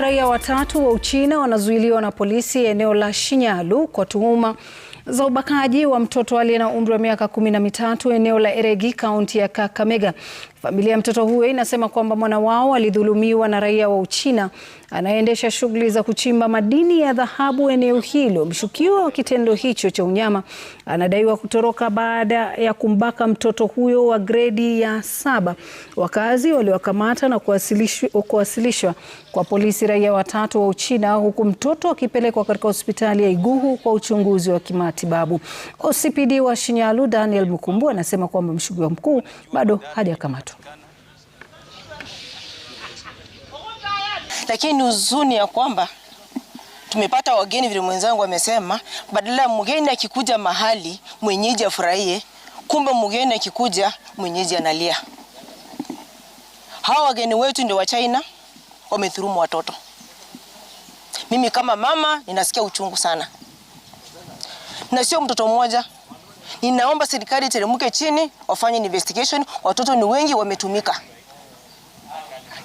raia watatu wa Uchina wanazuiliwa na polisi eneo la Shinyalu kwa tuhuma za ubakaji wa mtoto aliye na umri wa miaka kumi na mitatu eneo la Eregi kaunti ya Kakamega. Familia ya mtoto huyo inasema kwamba mwana wao alidhulumiwa na raia wa Uchina anayeendesha shughuli za kuchimba madini ya dhahabu eneo hilo. Mshukiwa wa kitendo hicho cha unyama anadaiwa kutoroka baada ya kumbaka mtoto huyo wa gredi ya saba. Wakazi waliwakamata na kuwasilishwa kwa polisi raia watatu wa Uchina, huku mtoto akipelekwa katika hospitali ya Iguhu kwa uchunguzi wa kimati matibabu. OCPD wa Shinyalu Daniel Mukumbu anasema kwamba mshukiwa mkuu bado hajakamatwa. Lakini ni huzuni ya kwamba tumepata wageni vile mwenzangu amesema, badala ya mgeni akikuja mahali mwenyeji afurahie, kumbe mgeni akikuja mwenyeji analia. Hawa wageni wetu ndio wa China, wamedhurumu watoto. Mimi kama mama ninasikia uchungu sana na sio mtoto mmoja. Ninaomba serikali teremke chini, wafanye investigation. Watoto ni wengi wametumika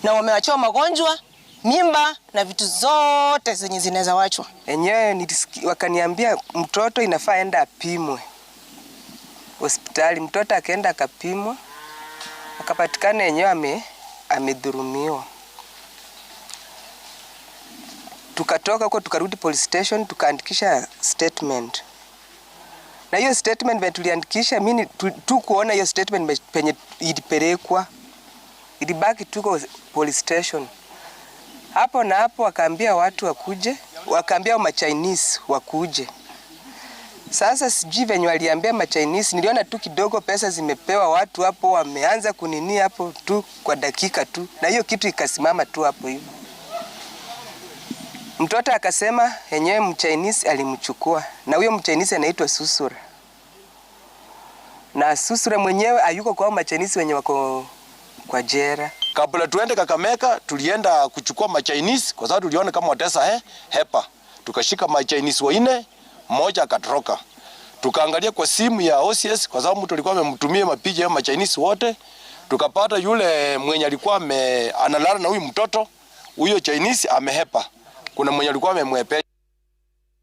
na wameachiwa magonjwa, mimba na vitu zote zenye zinaweza wachwa. Enyewe wakaniambia mtoto inafaa enda apimwe hospitali. Mtoto akaenda akapimwa, akapatikana ame amedhurumiwa. Tukatoka huko tukarudi police station, tukaandikisha statement na hiyo statement venye tuliandikisha, mimi tu kuona hiyo statement penye ilipelekwa, ilibaki tuko police station hapo na hapo, wakaambia watu wakuje, wakaambia wa Chinese wakuje. Sasa sijui venye waliambia ma Chinese, niliona tu kidogo pesa zimepewa watu hapo, wameanza kunini hapo tu kwa dakika tu, na hiyo kitu ikasimama tu hapo hivyo. Mtoto akasema yenyewe mchinese alimchukua, na huyo mchinese anaitwa Susura, na Susura mwenyewe ayuko kwa machinese wenye wako kwa jera. Kabla tuende Kakameka, tulienda kuchukua machinese kwa sababu tuliona kama watesa he, eh, hepa, tukashika machinese waine, mmoja akatoroka. Tukaangalia kwa simu ya OCS kwa sababu mtu alikuwa amemtumia mapicha ya machinese wote, tukapata yule mwenye alikuwa analala na huyu mtoto, huyo Chinese amehepa kuna mwenye alikuwa amemwepea